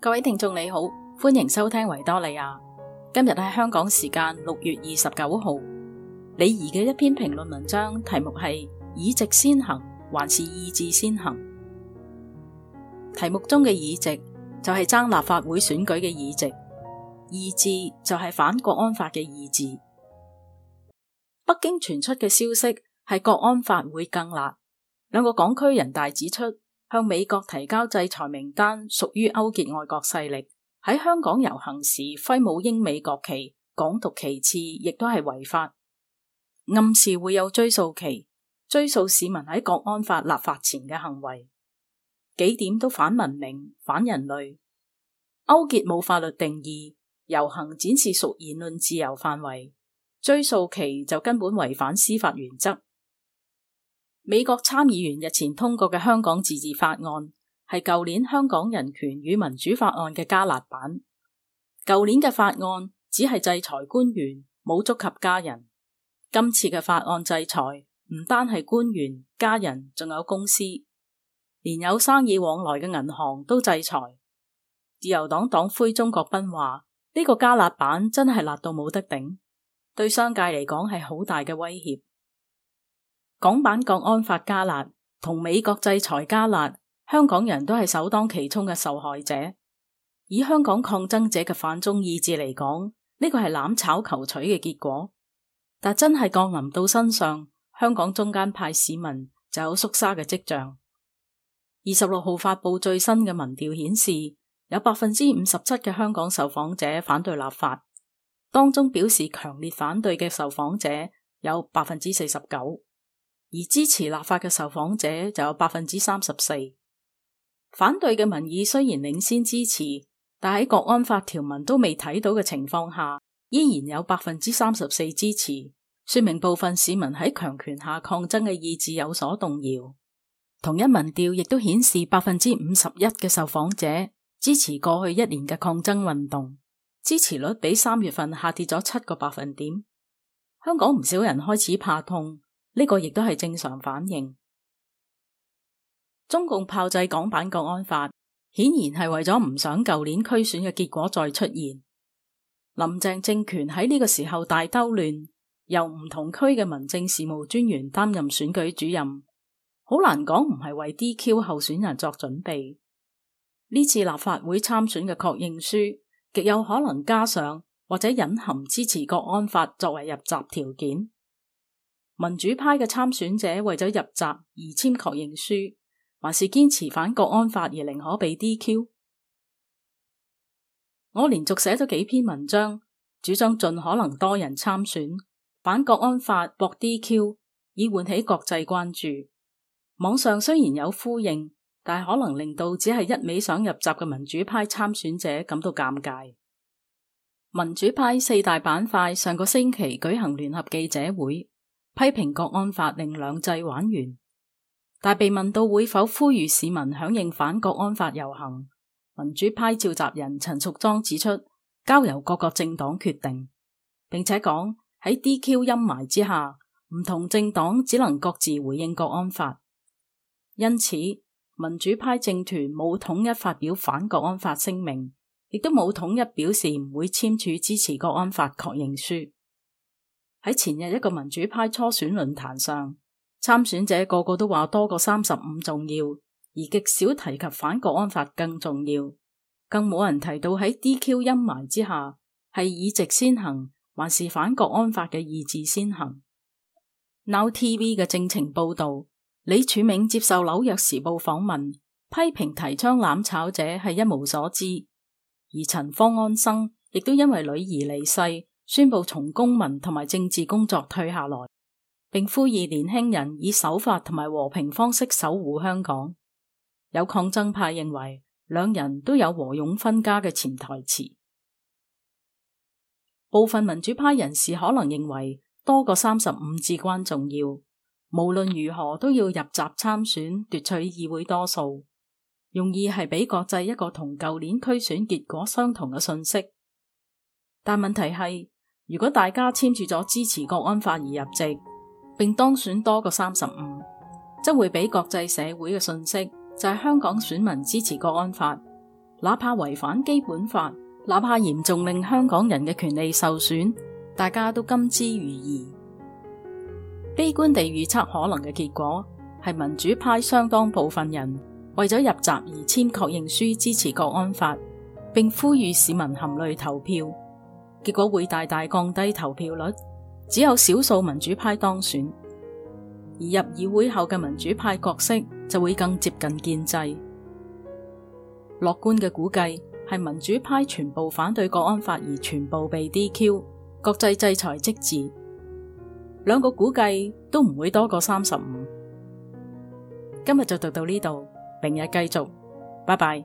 各位聽眾你好，歡迎收聽維多利亞。今日係香港時間六月二十九號。李怡嘅一篇評論文章，題目係“議席先行，還是意志先行？”。題目中嘅議席就係爭立法會選舉嘅議席，意志就係反國安法嘅意志。北京傳出嘅消息係國安法會更辣。兩個港區人大指出，向美國提交制裁名單屬於勾結外國勢力。喺香港遊行時揮舞英美國旗，港獨其次，亦都係違法。暗示會有追訴期，追訴市民喺國安法立法前嘅行為，幾點都反文明、反人類。勾結冇法律定義，遊行展示屬言論自由範圍。追溯期就根本違反司法原則。美國參議員日前通過嘅香港自治法案係舊年香港人權與民主法案嘅加辣版。舊年嘅法案只係制裁官員，冇觸及家人。今次嘅法案制裁唔單係官員、家人，仲有公司，連有生意往來嘅銀行都制裁。自由黨黨魁鍾國斌話：呢個加辣版真係辣到冇得頂。對商界嚟講係好大嘅威脅，港版國安法加辣同美國制裁加辣，香港人都係首當其衝嘅受害者。以香港抗爭者嘅反中意志嚟講，呢個係攬炒求取嘅結果。但真係降臨到身上，香港中間派市民就有縮沙嘅跡象。二十六號發布最新嘅民調顯示，有百分之五十七嘅香港受訪者反對立法。當中表示強烈反對嘅受訪者有百分之四十九，而支持立法嘅受訪者就有百分之三十四。反對嘅民意雖然領先支持，但喺國安法條文都未睇到嘅情況下，依然有百分之三十四支持，說明部分市民喺強權下抗爭嘅意志有所動搖。同一民調亦都顯示，百分之五十一嘅受訪者支持過去一年嘅抗爭運動。支持率比三月份下跌咗七個百分點，香港唔少人開始怕痛，呢個亦都係正常反應。中共炮製港版國安法，顯然係為咗唔想舊年區選嘅結果再出現。林鄭政權喺呢個時候大兜亂，由唔同區嘅民政事務專員擔任選舉主任，好難講唔係為 DQ 候選人作準備。呢次立法會參選嘅確認書。極有可能加上或者隱含支持國安法作為入閘條件。民主派嘅參選者為咗入閘而簽確認書，還是堅持反國安法而寧可被 DQ？我連續寫咗幾篇文章，主張盡可能多人參選，反國安法博 DQ，以喚起國際關注。網上雖然有呼應。但可能令到只係一味想入閘嘅民主派參選者感到尷尬。民主派四大板塊上個星期舉行聯合記者會，批評國安法令兩制玩完，但被問到會否呼籲市民響應反國安法遊行，民主派召集人陳淑莊指出，交由各個政黨決定，並且講喺 DQ 陰霾之下，唔同政黨只能各自回應國安法，因此。民主派政團冇統一發表反國安法聲明，亦都冇統一表示唔會簽署支持國安法確認書。喺前日一個民主派初選論壇上，參選者個個都話多過三十五重要，而極少提及反國安法更重要。更冇人提到喺 DQ 陰霾之下，係議席先行還是反國安法嘅意志先行。Now TV 嘅政情報道。李柱銘接受《紐約時報》訪問，批評提倡攬炒者係一無所知；而陳方安生亦都因為女兒離世，宣布從公民同埋政治工作退下來，並呼籲年輕人以守法同埋和平方式守護香港。有抗爭派認為，兩人都有和勇分家嘅潛台詞。部分民主派人士可能認為，多過三十五至關重要。無論如何都要入閘參選，奪取議會多數，容易係俾國際一個同舊年區選結果相同嘅信息。但問題係，如果大家簽署咗支持國安法而入席，並當選多過三十五，則會俾國際社會嘅信息就係、是、香港選民支持國安法，哪怕違反基本法，哪怕嚴重令香港人嘅權利受損，大家都甘之如飴。悲觀地預測可能嘅結果係民主派相當部分人為咗入閘而簽確認書支持國安法，並呼籲市民含淚投票，結果會大大降低投票率，只有少數民主派當選。而入議會後嘅民主派角色就會更接近建制。樂觀嘅估計係民主派全部反對國安法而全部被 DQ，國際制裁即止。兩個估計都唔會多過三十五。今日就讀到呢度，明日繼續，拜拜。